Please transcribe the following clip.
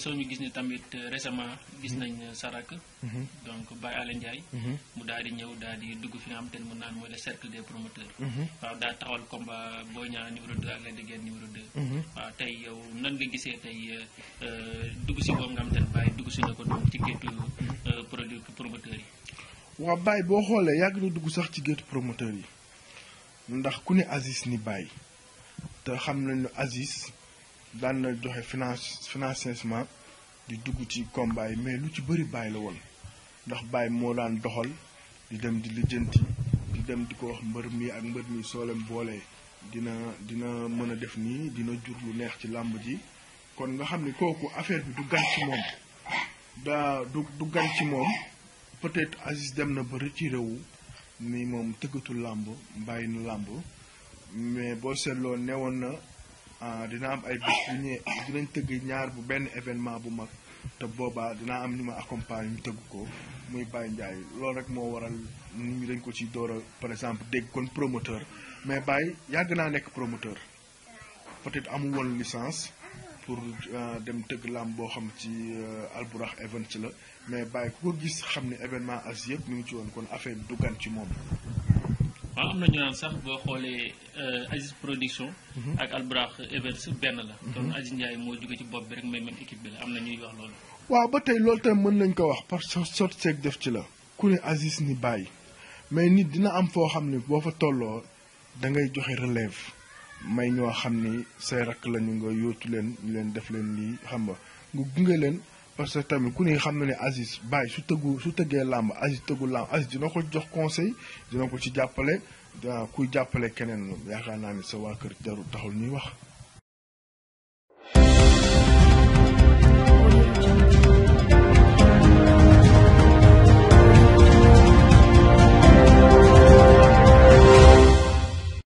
réseau ñu gis ni tamit eh, récemment gis mhm. nañ eh, sarak mhm. donc bay Alain Ndiaye mhm. mu daal di ñëw daal di dugg fi nga xam te mu naan mooy le cercle des promoteurs waaw daa taxawal combat Boy Niang numéro 2 ak la de Guiers numéro 2 waaw tey yow nan nga gisee tey eh, dugg si boobu nga xam te ne dugg si na ko donc ci géttu produit promoteur yi waaw Baye boo xoolee yàgg na dugg sax ci géttu promoteur yi ndax ku ne Aziz ni Baye te xam nañu Aziz daan na joxe finance financement di dugg ci combat yi mais lu ci bëri bàyyi la woon ndax bàyyi moo daan doxal di dem di lijjanti di dem di ko wax mbër mi ak mbër mi soo boolee dina dina mën a def nii dina jur lu neex ci làmb ji kon nga xam ni kooku affaire bi du gan ci moom daa du du gan ci moom peut-être Aziz dem na ba retiré wu ni moom tëggatul làmb bàyyi na làmb mais boo seetloo newoon na Ah, dina am ay bés yu ñëwee dinañ tëgg ñaar bu benn événement bu mag te boobaa dinaa am ñu ma accompagne ñu tëgg ko muy Baye Ndiaye loolu rek moo waral nit ñi dañ ko ci door par exemple dégg kon promoteur mais Baye yàgg naa nekk promoteur peut-être amul woon licence pour euh, dem tëgg làmb boo xam ci euh, Alburax event la mais Baye ko ko gis xam ni événement as yëpp mi ngi ci woon kon affaire bi du gan ci moom waaw am na ñu naan sax boo xoolee euh, Aziz production. Mhm. ak Alburax Events benn la. Mhm. kon Aziz Ndiaye moo jóge ci bopp bi rek mais même équipe bi la am na ñuy wax loolu. waaw ba tey loolu tamit mën nañ ko wax parce que sot seeg def ci la. ku ne Aziz ni bàyyi mais nit dina am foo xam ne boo fa tolloo da ngay joxe relève may ñoo xam ni say rakk lañu nga yóotu leen ñu leen def leen lii xam nga nga gunge leen. parce que tamit ku ne xam na ne Aziz bàyyi su tëggu su tëggee làmb Aziz tëggu làmb Aziz dina jox conseil dina ko ci jàppale ku jàppale keneen yaakaar naa ne sa waa jarul taxul ñuy wax.